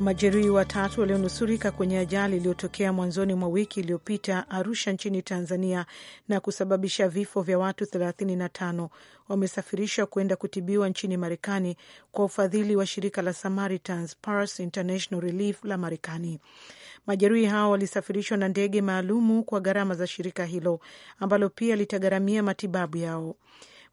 Majeruhi watatu walionusurika kwenye ajali iliyotokea mwanzoni mwa wiki iliyopita Arusha nchini Tanzania na kusababisha vifo vya watu 35 wamesafirishwa kwenda kutibiwa nchini Marekani kwa ufadhili wa shirika la Samaritans Purse International Relief la Marekani. Majeruhi hao walisafirishwa na ndege maalumu kwa gharama za shirika hilo ambalo pia litagharamia matibabu yao.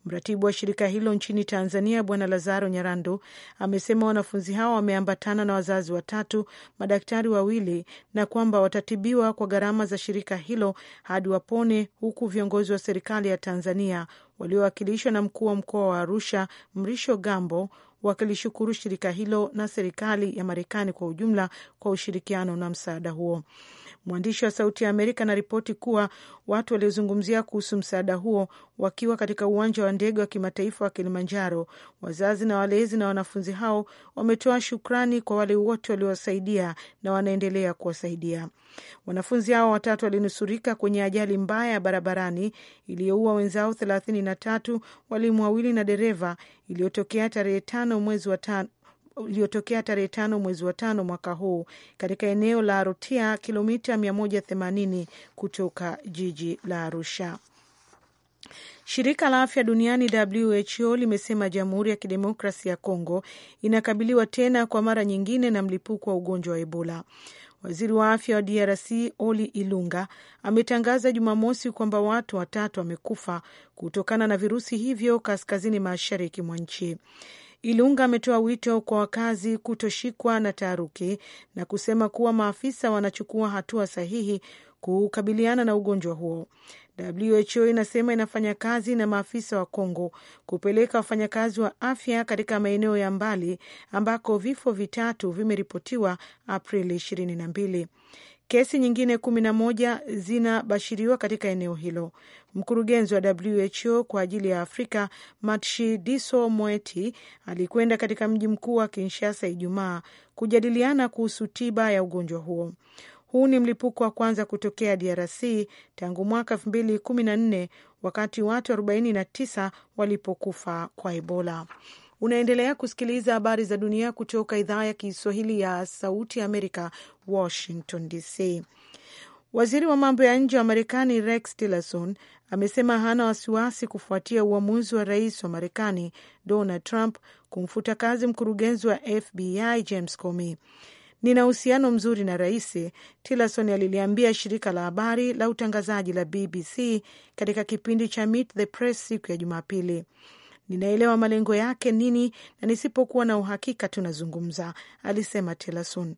Mratibu wa shirika hilo nchini Tanzania, Bwana Lazaro nyarando amesema wanafunzi hao wameambatana na wazazi watatu, madaktari wawili, na kwamba watatibiwa kwa gharama za shirika hilo hadi wapone, huku viongozi wa serikali ya Tanzania waliowakilishwa na mkuu wa mkoa wa Arusha Mrisho Gambo wakilishukuru shirika hilo na serikali ya Marekani kwa ujumla kwa ushirikiano na msaada huo. Mwandishi wa Sauti ya Amerika anaripoti kuwa watu waliozungumzia kuhusu msaada huo wakiwa katika uwanja wa ndege wa kimataifa wa Kilimanjaro, wazazi na walezi na wanafunzi hao wametoa shukrani kwa wale wote waliowasaidia na wanaendelea kuwasaidia. Wanafunzi hao watatu walinusurika kwenye ajali mbaya ya barabarani iliyoua wenzao thelathini na tatu, walimu wawili na dereva, iliyotokea tarehe tano mwezi wa tano iliyotokea tarehe tano mwezi wa tano mwaka huu katika eneo la Rotia, kilomita 180 kutoka jiji la Arusha. Shirika la afya duniani WHO limesema Jamhuri ya Kidemokrasi ya congo inakabiliwa tena kwa mara nyingine na mlipuko wa ugonjwa wa Ebola. Waziri wa afya wa DRC Oli Ilunga ametangaza Jumamosi kwamba watu watatu wamekufa kutokana na virusi hivyo kaskazini mashariki mwa nchi. Ilunga ametoa wito kwa wakazi kutoshikwa na taharuki na kusema kuwa maafisa wanachukua hatua sahihi kukabiliana na ugonjwa huo. WHO inasema inafanya kazi na maafisa wa Kongo kupeleka wafanyakazi wa afya katika maeneo ya mbali ambako vifo vitatu vimeripotiwa Aprili 22. Kesi nyingine 11 zinabashiriwa katika eneo hilo. Mkurugenzi wa WHO kwa ajili ya Afrika Matshidiso Moeti alikwenda katika mji mkuu wa Kinshasa Ijumaa kujadiliana kuhusu tiba ya ugonjwa huo. Huu ni mlipuko wa kwanza kutokea DRC tangu mwaka 2014 wakati watu 49 walipokufa kwa Ebola. Unaendelea kusikiliza habari za dunia kutoka idhaa ya Kiswahili ya Sauti Amerika, Washington DC. Waziri wa mambo ya nje wa Marekani Rex Tillerson amesema hana wasiwasi kufuatia uamuzi wa rais wa Marekani Donald Trump kumfuta kazi mkurugenzi wa FBI James Comey. Nina uhusiano mzuri na rais, Tillerson aliliambia shirika la habari la utangazaji la BBC katika kipindi cha Meet the Press siku ya Jumapili. Ninaelewa malengo yake nini, na nisipokuwa na uhakika tunazungumza, alisema Tillerson.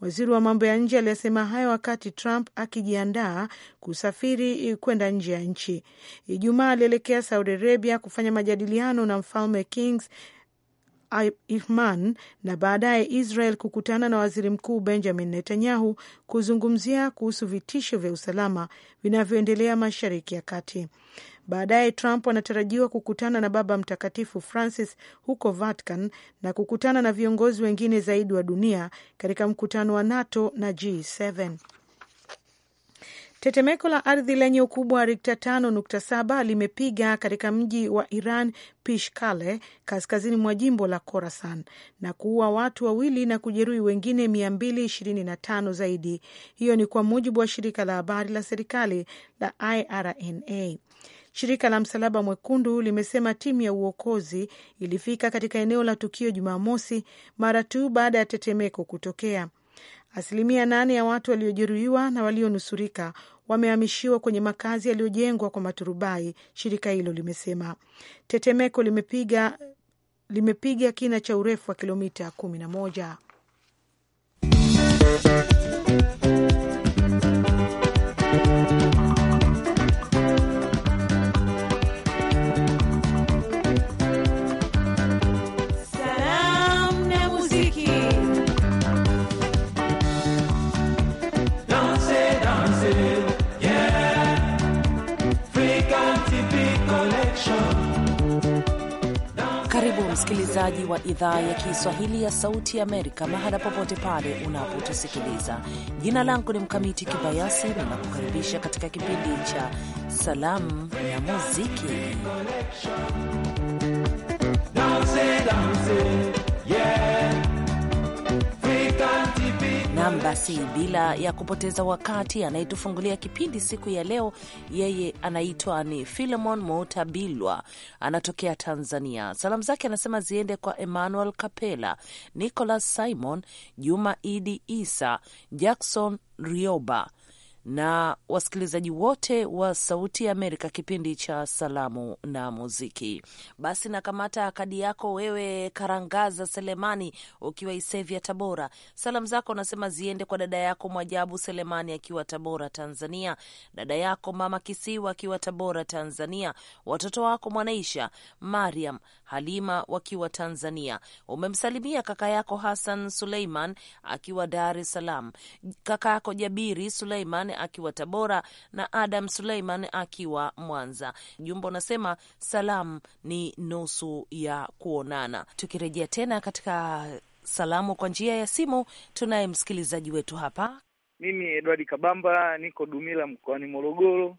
Waziri wa mambo ya nje aliyesema hayo wakati Trump akijiandaa kusafiri kwenda nje ya nchi. Ijumaa alielekea Saudi Arabia kufanya majadiliano na mfalme Kings Ihman na baadaye Israel kukutana na waziri mkuu Benjamin Netanyahu kuzungumzia kuhusu vitisho vya usalama vinavyoendelea Mashariki ya Kati. Baadaye Trump anatarajiwa kukutana na Baba Mtakatifu Francis huko Vatican na kukutana na viongozi wengine zaidi wa dunia katika mkutano wa NATO na G7. Tetemeko la ardhi lenye ukubwa wa rikta 5.7 limepiga katika mji wa Iran Pishkale, kaskazini mwa jimbo la Khorasan na kuua watu wawili na kujeruhi wengine 225 zaidi. Hiyo ni kwa mujibu wa shirika la habari la serikali la IRNA. Shirika la Msalaba Mwekundu limesema timu ya uokozi ilifika katika eneo la tukio Jumamosi mara tu baada ya tetemeko kutokea. Asilimia nane ya watu waliojeruhiwa na walionusurika wamehamishiwa kwenye makazi yaliyojengwa kwa maturubai, shirika hilo limesema. Tetemeko limepiga limepiga kina cha urefu wa kilomita kumi na moja. msikilizaji wa idhaa ya Kiswahili ya Sauti ya Amerika, mahala popote pale unapotusikiliza. Jina langu ni Mkamiti Kibayasi, ninakukaribisha katika kipindi cha Salamu na Muziki. Dance, dance. Nam, basi bila ya kupoteza wakati, anayetufungulia kipindi siku ya leo yeye anaitwa ni Filemon Motabilwa, anatokea Tanzania. Salamu zake anasema ziende kwa Emmanuel Kapela, Nicholas Simon, Juma Idi Isa, Jackson Rioba na wasikilizaji wote wa Sauti ya Amerika, kipindi cha Salamu na Muziki. Basi nakamata kadi yako wewe, Karangaza Selemani, ukiwa Isevya, Tabora. Salamu zako nasema ziende kwa dada yako Mwajabu Selemani akiwa Tabora, Tanzania, dada yako Mama Kisiwa akiwa Tabora, Tanzania, watoto wako Mwanaisha, Mariam, Halima wakiwa Tanzania. Umemsalimia kaka yako Hassan Suleiman akiwa Dar es Salaam, kaka yako Jabiri Suleiman akiwa Tabora na Adam Suleiman akiwa Mwanza. Jumba unasema salamu ni nusu ya kuonana. Tukirejea tena katika salamu kwa njia ya simu, tunaye msikilizaji wetu hapa. Mimi Edward Kabamba niko Dumila mkoani Morogoro.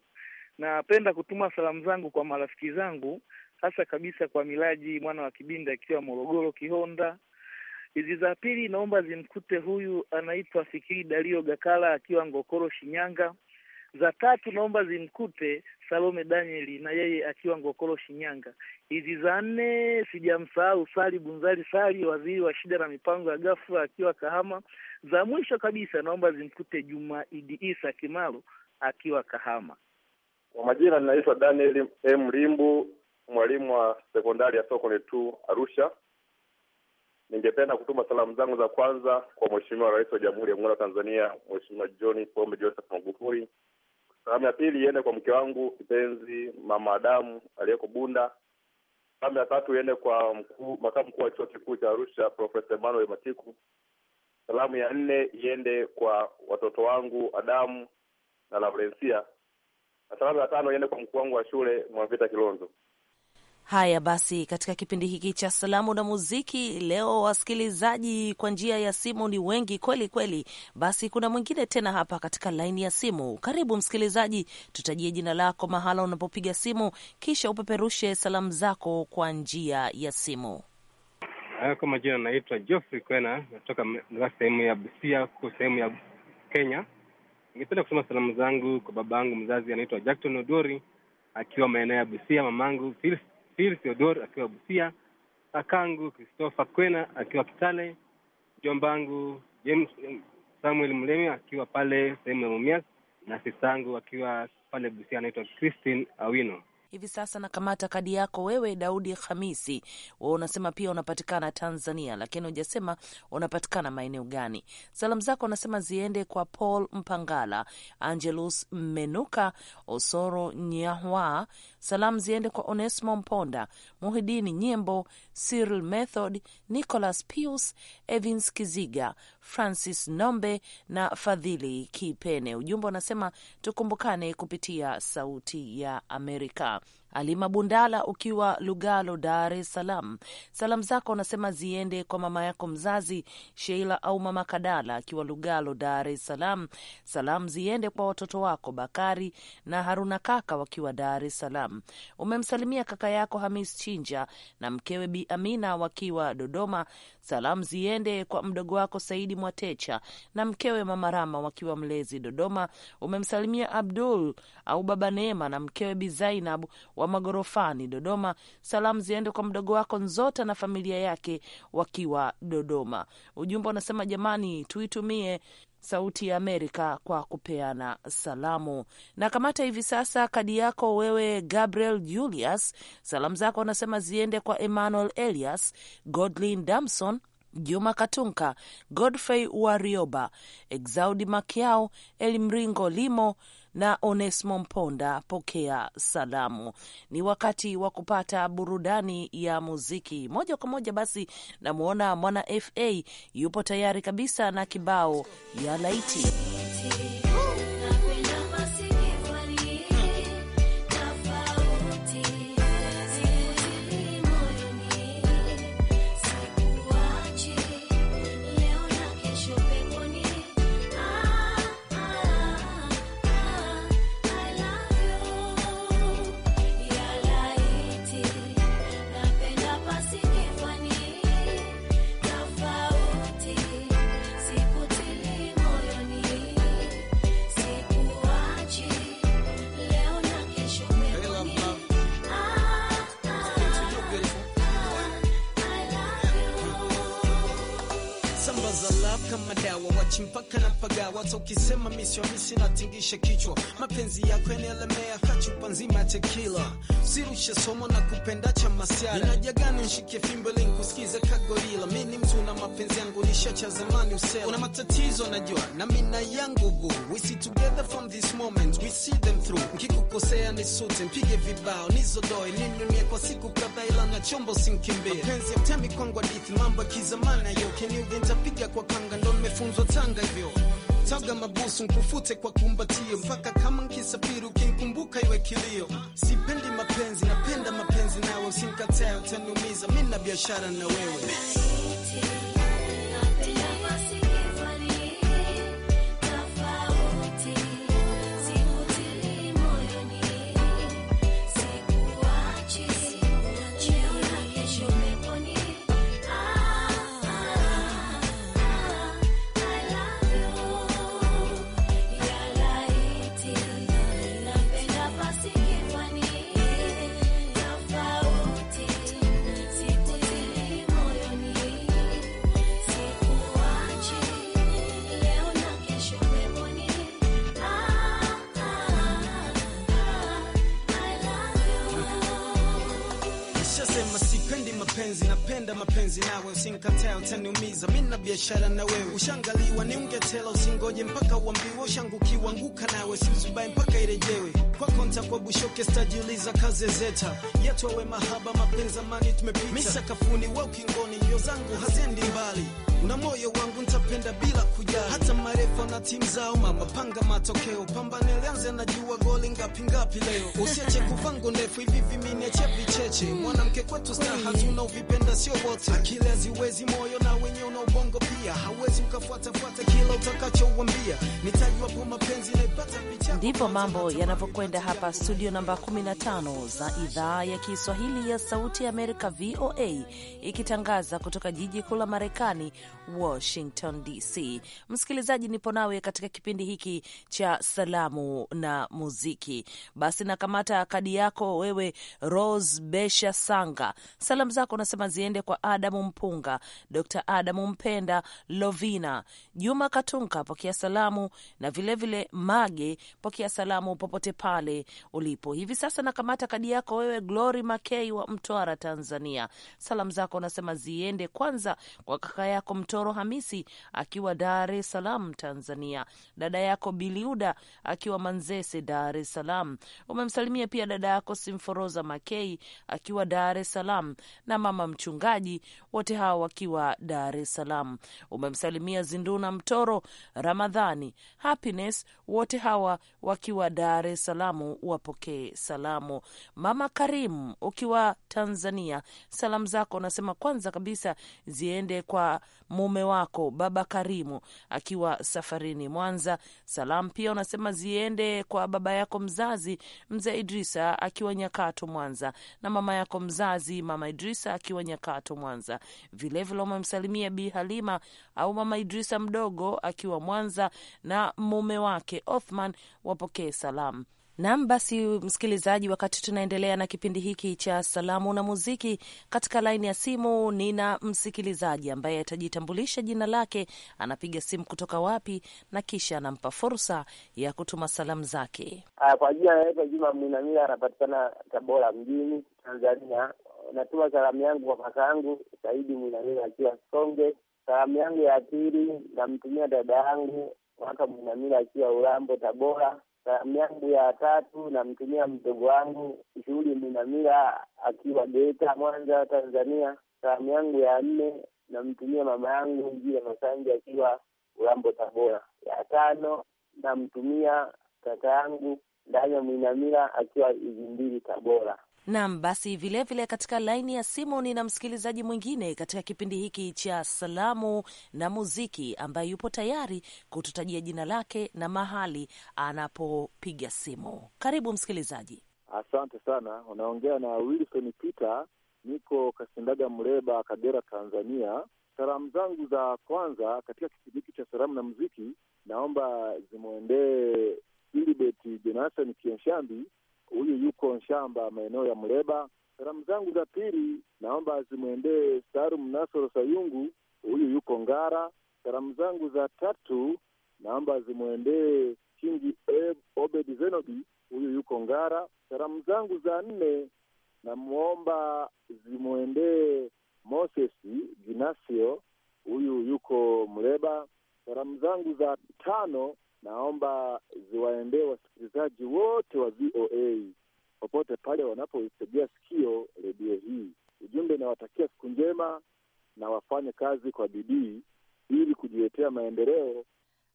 Napenda kutuma salamu zangu kwa marafiki zangu hasa kabisa kwa Milaji mwana wa Kibinda akiwa Morogoro Kihonda. Hizi za pili naomba zimkute huyu anaitwa Fikiri Dario Gakala akiwa Ngokoro Shinyanga. Za tatu naomba zimkute Salome Danieli na yeye akiwa Ngokoro Shinyanga. Hizi za nne sijamsahau Sali Bunzali Sali, waziri wa shida na mipango ya ghafla akiwa Kahama. Za mwisho kabisa naomba zimkute Juma Idi Isa Kimaro akiwa Kahama. Kwa majina ninaitwa Daniel M. Limbu mwalimu wa sekondari ya Sokoine tu Arusha. Ningependa kutuma salamu zangu za kwanza kwa Mheshimiwa Rais wa Jamhuri ya Muungano wa Tanzania, Mheshimiwa John Pombe Joseph Magufuli. Salamu ya pili iende kwa mke wangu kipenzi Mama Adamu aliyeko Bunda. Salamu ya tatu iende kwa mkuu, makamu mkuu wa chuo kikuu cha Arusha Profesa Emmanuel Matiku. Salamu ya nne iende kwa watoto wangu Adamu na laurensia na salamu ya tano iende kwa mkuu wangu wa shule Mwavita Kilonzo. Haya basi, katika kipindi hiki cha salamu na muziki leo, wasikilizaji kwa njia ya simu ni wengi kweli kweli. Basi kuna mwingine tena hapa katika laini ya simu. Karibu msikilizaji, tutajie jina lako, mahala unapopiga simu, kisha upeperushe salamu zako kwa njia ya simu. Kwa majina naitwa Geoffrey Kwena, natoka a sehemu ya Busia huko sehemu ya Kenya. Ningependa kusoma salamu zangu kwa babangu mzazi anaitwa Jackton Odori akiwa maeneo ya Busia, mamangu Phyllis Msafiri Theodor akiwa Busia, kakangu Christopher Kwena akiwa Kitale, jombangu James eh, Samuel Mlemi akiwa pale sehemu ya Mumias na sisangu akiwa pale Busia anaitwa Christine Awino. Hivi sasa nakamata kadi yako wewe, Daudi Hamisi, wa unasema pia unapatikana Tanzania, lakini hujasema unapatikana maeneo gani. Salamu zako anasema ziende kwa Paul Mpangala, Angelus menuka Osoro Nyahwa. Salamu ziende kwa onesimo Mponda, Muhidini Nyembo, Cyril Method, nicolas Pius, Evins Kiziga Francis Nombe na Fadhili Kipene. Ujumbe unasema tukumbukane kupitia Sauti ya Amerika. Alima Bundala ukiwa Lugalo, Dar es Salaam, salamu zako unasema ziende kwa mama yako mzazi Sheila au mama Kadala akiwa Lugalo, Dar es Salaam. Salamu ziende kwa watoto wako Bakari na Haruna kaka wakiwa Dar es Salaam. Umemsalimia kaka yako Hamis Chinja na mkewe Bi Amina wakiwa Dodoma. Salamu ziende kwa mdogo wako Saidi Mwatecha na mkewe mama Rama wakiwa Mlezi, Dodoma. Umemsalimia Abdul au baba Neema na mkewe Bi Zainab wa magorofani Dodoma. Salamu ziende kwa mdogo wako Nzota na familia yake wakiwa Dodoma. Ujumbe unasema jamani, tuitumie Sauti ya Amerika kwa kupeana salamu. Na kamata hivi sasa kadi yako wewe, Gabriel Julius. Salamu zako unasema ziende kwa Emmanuel Elias, Godlin Damson, Juma Katunka, Godfrey Warioba, Exaudi Makiao, Elimringo Limo na onesimo Mponda. Pokea salamu. Ni wakati wa kupata burudani ya muziki moja kwa moja. Basi namwona mwana FA yupo tayari kabisa na kibao ya laiti za love kama dawa, wachi mpaka na pagawa. Hata ukisema misi wa kichwa, mapenzi yako yanaelemea kachupa nzima ya tekila. Sirushe somo na kupenda cha masiara, inajagana nshike fimbo ili nikusikize kagorila. Mi ni mtu na mapenzi yangu nisha cha zamani usela, una matatizo najua na mina yangu boo. We see together from this moment, we see them through. Nkikukosea nisute, mpige vibao nizodoe, ninunie kwa siku kadhaa, ila na chombo sinkimbie. Mapenzi ya mtemi kwangu hadithi, mambo ya kizamani yoke ni ugeni tapiga kwa kanga, ndo nimefunzwa Tanga hivyo taga mabusu nkufute kwa kumbatio mpaka kama nkisafiri kinkumbuka iwe kilio. Sipendi mapenzi, napenda mapenzi nawe, usinikatae utaniumiza, mimi na biashara na wewe mapenzi nawe usinkatae, utaniumiza mimi na biashara na wewe, ushangaliwa ni ungetela, usingoje mpaka uambiwe, ushangukiwa nguka nawe, siuzubaye mpaka irejewe kwako, ntakuabushoke stajiuliza kazezeta yetu awe mahaba mapenzi amani, tumepita sakafuni wa ukingoni, mbio zangu haziendi mbali, una moyo wangu ntapenda bila kupigana hata marefa na timu zao. Mama panga matokeo, pambane lianze, najua goli ngapi ngapi leo. Usiache kuvaa nguo ndefu hivi vimeneche vicheche. Mwanamke kwetu star, hatuna uvipenda sio wote. Akili haziwezi moyo na wenye una ubongo pia, hauwezi ukafuatafuata kila utakachouambia. kwa mapenzi naipata picha. Ndipo mambo yanavyokwenda hapa studio namba 15 za idhaa ya Kiswahili ya Sauti ya Amerika, VOA, ikitangaza kutoka jiji kuu la Marekani, Washington DC. Msikilizaji, nipo nawe katika kipindi hiki cha salamu na muziki. Basi nakamata kadi yako wewe, Rose Besha Sanga. Salamu zako unasema ziende kwa Adamu Mpunga, Dr Adamu Mpenda, Lovina Juma Katunka, pokea salamu na vilevile vile Mage, pokea salamu popote pale ulipo hivi sasa. Nakamata kadi yako wewe, Glory Makei wa Mtwara, Tanzania. Salamu zako unasema ziende kwanza kwa kaka yako Mtoro Hamisi akiwa Dar Dar es Salaam, Tanzania. Dada yako Biliuda akiwa Manzese, Dar es Salaam. Umemsalimia pia dada yako Simforoza Makei akiwa Dar es Salaam na mama mchungaji, wote hawa wakiwa Dar es Salaam. Umemsalimia Zinduna Mtoro, Ramadhani, Happiness, wote hawa wakiwa Dar es Salaam, wapokee salamu. Mama Karimu ukiwa Tanzania, salamu zako unasema kwanza kabisa ziende kwa mume wako baba Karimu akiwa safarini Mwanza. Salamu pia unasema ziende kwa baba yako mzazi mzee Idrisa akiwa Nyakato Mwanza, na mama yako mzazi mama Idrisa akiwa Nyakato Mwanza. Vilevile umemsalimia Bi Halima au mama Idrisa mdogo akiwa Mwanza na mume wake Othman, wapokee salamu. Nam, basi msikilizaji, wakati tunaendelea na kipindi hiki cha salamu na muziki, katika laini ya simu nina msikilizaji ambaye atajitambulisha jina lake, anapiga simu kutoka wapi, na kisha anampa fursa ya kutuma salamu zake. Ah, kwa jina naitwa Juma Mlinamila, anapatikana Tabora mjini, Tanzania. Natuma salamu yangu kwa kaka yangu Saidi Mwinamila akiwa Songe. Salamu yangu ya pili namtumia dada yangu Mwaka Mwinamila akiwa Urambo, Tabora salamu yangu ya tatu namtumia mdogo wangu shughuli Mwinamila akiwa Geita, Mwanza, Tanzania. Salamu yangu ya nne namtumia mama yangu Njia Masanja akiwa Urambo, Tabora. Ya tano namtumia kaka yangu Ndanya Mwinamila akiwa Izimbili, Tabora. Nam, basi vilevile vile katika laini ya simu ni na msikilizaji mwingine katika kipindi hiki cha salamu na muziki ambaye yupo tayari kututajia jina lake na mahali anapopiga simu. Karibu msikilizaji. Asante sana, unaongea na Wilson Peter, niko Kasindaga, mreba Kagera, Tanzania. Salamu zangu za kwanza katika kipindi hiki cha salamu na muziki naomba zimwendee Ilibeti Jonathan Kienshambi huyu yuko shamba maeneo ya Mleba. Salamu zangu za pili naomba zimwendee Salum Nasoro Sayungu, huyu yuko Ngara. Salamu zangu za tatu naomba zimwendee Kingi Obed Zenobi, huyu yuko Ngara. Salamu zangu za nne namwomba zimwendee Moses Ginasio, huyu yuko Mleba. Salamu zangu za tano naomba ziwaendee wasikilizaji wote wa VOA popote pale wanapoitegea sikio redio hii. Ujumbe inawatakia siku njema na wafanye kazi kwa bidii ili kujiletea maendeleo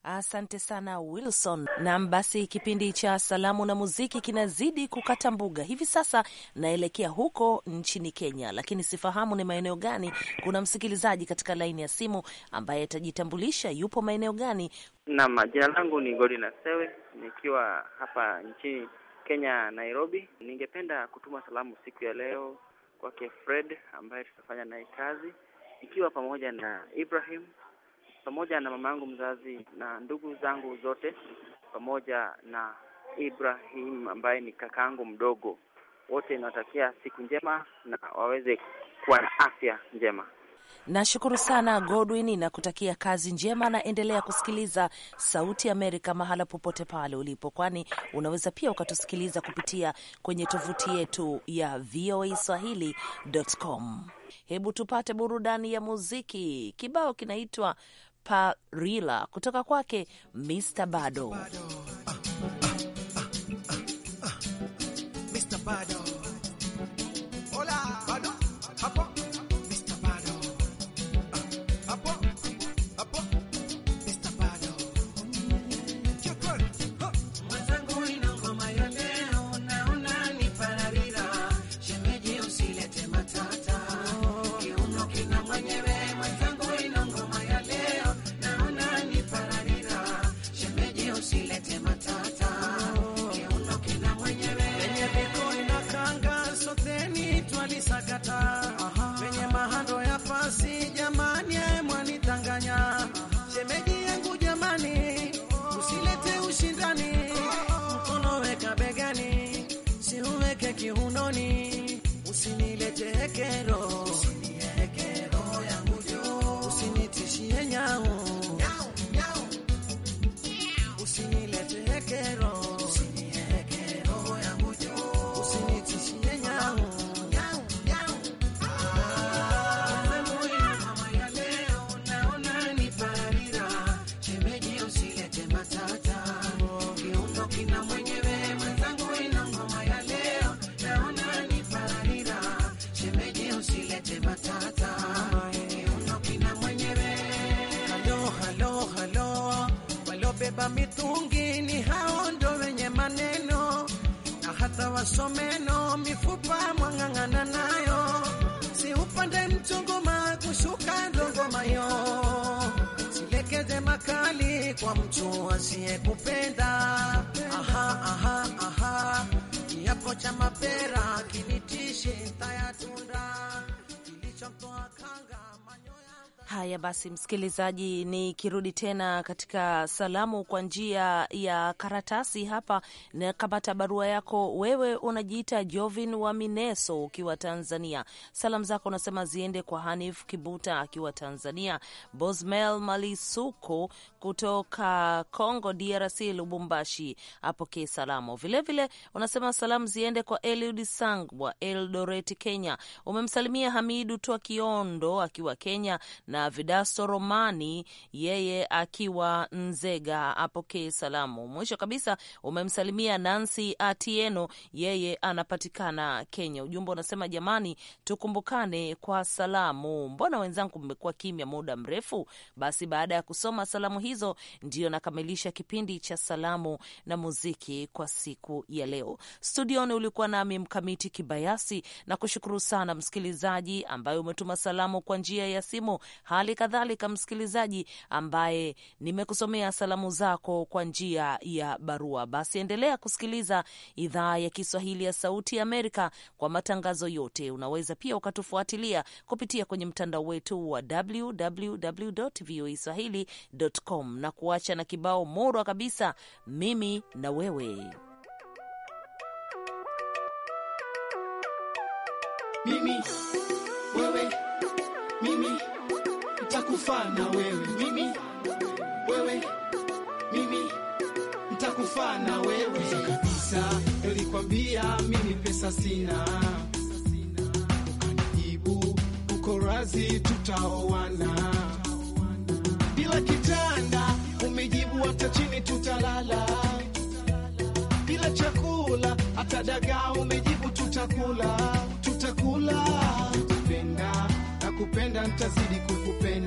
Asante sana Wilson. Nam, basi kipindi cha salamu na muziki kinazidi kukata mbuga. Hivi sasa naelekea huko nchini Kenya, lakini sifahamu ni maeneo gani. Kuna msikilizaji katika laini ya simu ambaye atajitambulisha yupo maeneo gani. Nam, jina langu ni Godina Sewe, nikiwa hapa nchini Kenya, Nairobi. Ningependa kutuma salamu siku ya leo kwake Fred ambaye tutafanya naye kazi, ikiwa pamoja na Ibrahim pamoja na mama yangu mzazi na ndugu zangu zote pamoja na Ibrahim ambaye ni kakaangu mdogo. Wote nawatakia siku njema na waweze kuwa na afya njema. Nashukuru sana Godwin, na kutakia kazi njema, na endelea kusikiliza Sauti Amerika mahala popote pale ulipo, kwani unaweza pia ukatusikiliza kupitia kwenye tovuti yetu ya voaswahili.com. Hebu tupate burudani ya muziki. Kibao kinaitwa Parila kutoka kwake Mr Bado. Mr. Bado. Uh, uh, uh, uh, uh, Mr. Bado. mtu asiye Haya basi, msikilizaji, nikirudi tena katika salamu kwa njia ya karatasi hapa, nakamata barua yako. Wewe unajiita Jovin wa Mineso ukiwa Tanzania. Salamu zako unasema ziende kwa Hanif Kibuta akiwa Tanzania, Bosmel Malisuko kutoka Congo DRC, Lubumbashi apokee salamu vilevile. Vile, unasema salamu ziende kwa Eliud Sangwa Eldoret, Kenya. Umemsalimia Hamidu Twakiondo akiwa Kenya na Vidaso Romani, yeye akiwa Nzega, apokee salamu. Mwisho kabisa umemsalimia Nancy Atieno, yeye anapatikana Kenya. Ujumbe unasema jamani, tukumbukane kwa salamu. Mbona wenzangu mmekuwa kimya muda mrefu? Basi baada ya kusoma salamu hizo, ndiyo nakamilisha kipindi cha salamu na muziki kwa siku ya leo. Studioni ulikuwa nami Mkamiti Kibayasi, na kushukuru sana msikilizaji ambaye umetuma salamu kwa njia ya simu hali kadhalika msikilizaji ambaye nimekusomea salamu zako kwa njia ya barua. Basi endelea kusikiliza idhaa ya Kiswahili ya Sauti ya Amerika kwa matangazo yote. Unaweza pia ukatufuatilia kupitia kwenye mtandao wetu wa www swahili.com, na kuacha na kibao morwa kabisa, mimi na wewe mimi nitakufana wewe mimi, wewe mimi nitakufana wewe kabisa. Nilikwambia mimi pesa sina, ukanijibu uko razi, tutaoana bila kitanda. Umejibu hata chini tutalala bila chakula, hata dagaa umejibu tutakula, tutakula. Nakupenda, nakupenda, nitazidi kukupenda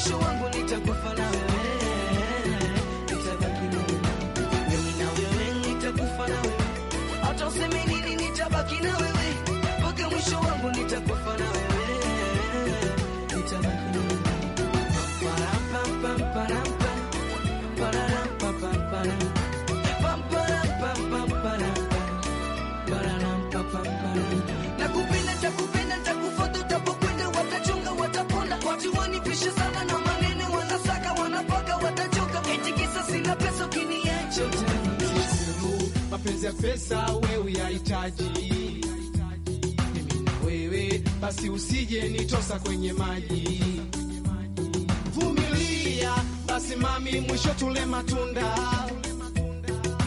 mwisho wangu nitakufa na wewe, nitabaki na wewe, mimi na wewe nitakufa na wewe, hata useme nini, nitabaki na wewe mpaka mwisho wangu. mapenzi ya pesa wewe yahitaji mimi na wewe basi, usije nitosa kwenye maji. Vumilia basi mami, mwisho tule matunda.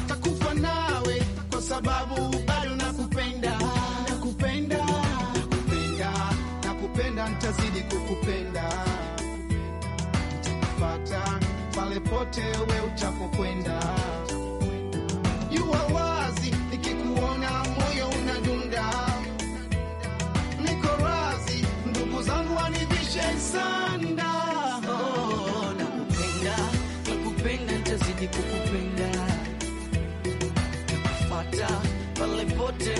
Takufa nawe kwa sababu bado nakupenda, nakupenda, nakupenda, nakupenda, ntazidi kukupenda, nitakupata pale pote we utapokwenda jua wazi, nikikuona moyo unadunda, niko wazi ndugu zangu wanivishe sanda. Oh, nakupenda, nakupenda, tazidi kukupenda, nakufata pale pote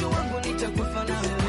mwisho wangu nitakufa nawe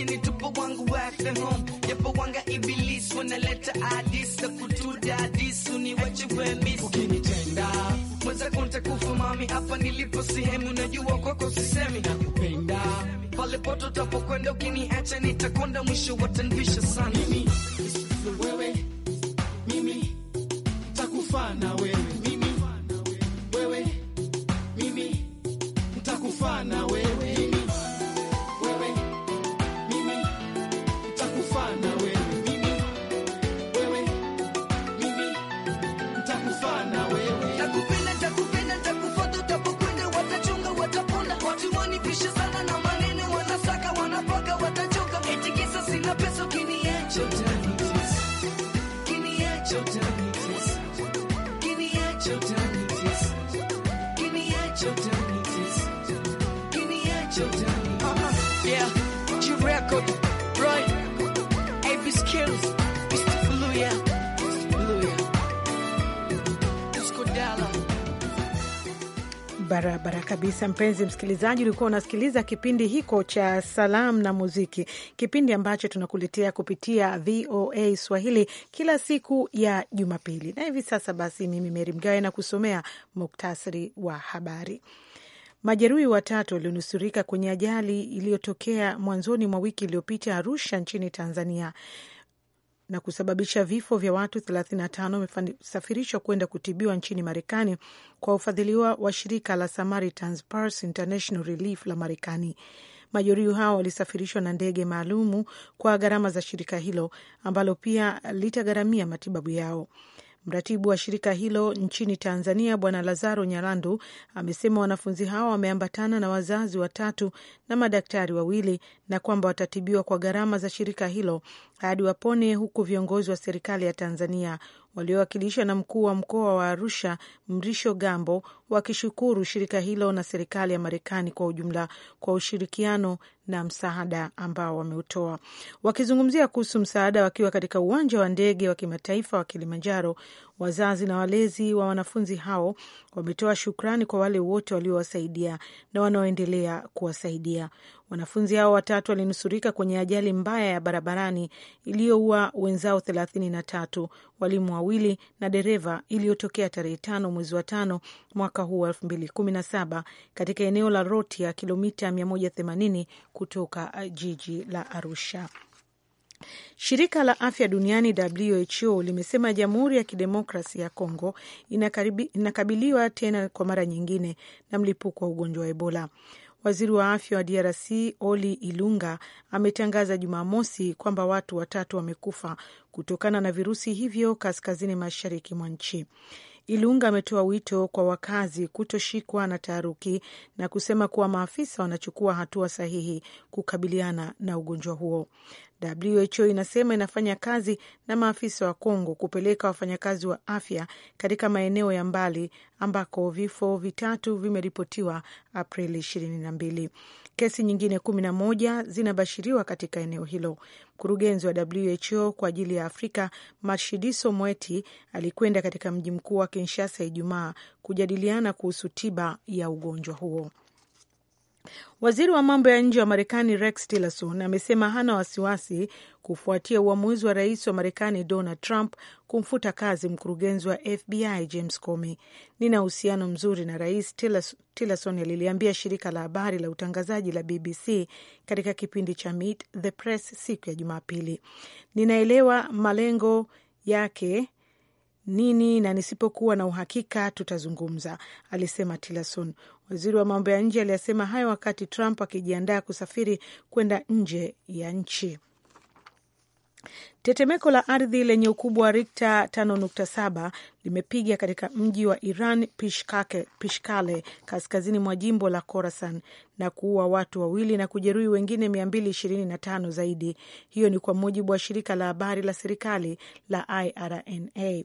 lakini tupo wangu work home, japo wanga ibilisi wanaleta hadisi za kutudadisi, uniwache wemisi ukinitenda mweza kunta kufa mami, hapa nilipo sehemu najua kwako sisemi nakupenda, pale poto tapokwenda ukiniacha nitakonda mwisho watanvisha sana mimi Barabara kabisa, mpenzi msikilizaji, ulikuwa unasikiliza kipindi hiko cha salamu na muziki, kipindi ambacho tunakuletea kupitia VOA Swahili kila siku ya Jumapili. Na hivi sasa basi, mimi Meri Mgawe na kusomea muktasari wa habari. Majeruhi watatu walionusurika kwenye ajali iliyotokea mwanzoni mwa wiki iliyopita Arusha nchini Tanzania na kusababisha vifo vya watu 35 wamesafirishwa kwenda kutibiwa nchini Marekani kwa ufadhiliwa wa shirika la Samaritan's Purse International Relief la Marekani. Majeruhi hao walisafirishwa na ndege maalumu kwa gharama za shirika hilo ambalo pia litagharamia matibabu yao. Mratibu wa shirika hilo nchini Tanzania, Bwana Lazaro Nyarandu, amesema wanafunzi hao wameambatana na wazazi watatu na madaktari wawili na kwamba watatibiwa kwa gharama za shirika hilo hadi wapone, huku viongozi wa serikali ya Tanzania waliowakilishwa na mkuu wa mkoa wa Arusha Mrisho Gambo wakishukuru shirika hilo na serikali ya Marekani kwa ujumla kwa ushirikiano na msaada ambao wameutoa. Wakizungumzia kuhusu msaada wakiwa katika uwanja wa ndege wa kimataifa wa Kilimanjaro, Wazazi na walezi wa wanafunzi hao wametoa shukrani kwa wale wote waliowasaidia na wanaoendelea kuwasaidia. Wanafunzi hao watatu walinusurika kwenye ajali mbaya ya barabarani iliyoua wenzao thelathini na tatu, walimu wawili na dereva, iliyotokea tarehe tano mwezi wa tano mwaka huu wa elfu mbili kumi na saba katika eneo la Rotia, kilomita themanini kutoka jiji la Arusha. Shirika la afya duniani WHO limesema Jamhuri ya Kidemokrasi ya congo inakabiliwa tena kwa mara nyingine na mlipuko wa ugonjwa wa Ebola. Waziri wa afya wa DRC Oli Ilunga ametangaza Jumamosi kwamba watu watatu wamekufa kutokana na virusi hivyo kaskazini mashariki mwa nchi. Ilunga ametoa wito kwa wakazi kutoshikwa na taharuki na kusema kuwa maafisa wanachukua hatua sahihi kukabiliana na ugonjwa huo. WHO inasema inafanya kazi na maafisa wa Kongo kupeleka wafanyakazi wa afya katika maeneo ya mbali ambako vifo vitatu vimeripotiwa Aprili 22. Kesi nyingine 11 zinabashiriwa katika eneo hilo. Mkurugenzi wa WHO kwa ajili ya Afrika Mashidiso Moeti alikwenda katika mji mkuu wa Kinshasa Ijumaa kujadiliana kuhusu tiba ya ugonjwa huo. Waziri wa mambo ya nje wa Marekani Rex Tillerson amesema hana wasiwasi kufuatia uamuzi wa rais wa Marekani Donald Trump kumfuta kazi mkurugenzi wa FBI James Comey. Nina uhusiano mzuri na rais, Tillerson aliliambia shirika la habari la utangazaji la BBC katika kipindi cha Meet the Press siku ya Jumapili. Ninaelewa malengo yake nini na nisipokuwa na uhakika tutazungumza, alisema Tillerson. Waziri wa mambo ya nje aliyasema hayo wakati Trump akijiandaa kusafiri kwenda nje ya nchi. Tetemeko la ardhi lenye ukubwa wa Rikta 5.7 limepiga katika mji wa Iran Pishkake, Pishkale, kaskazini mwa jimbo la Khorasan na kuua watu wawili na kujeruhi wengine 225 zaidi. Hiyo ni kwa mujibu wa shirika la habari la serikali la IRNA.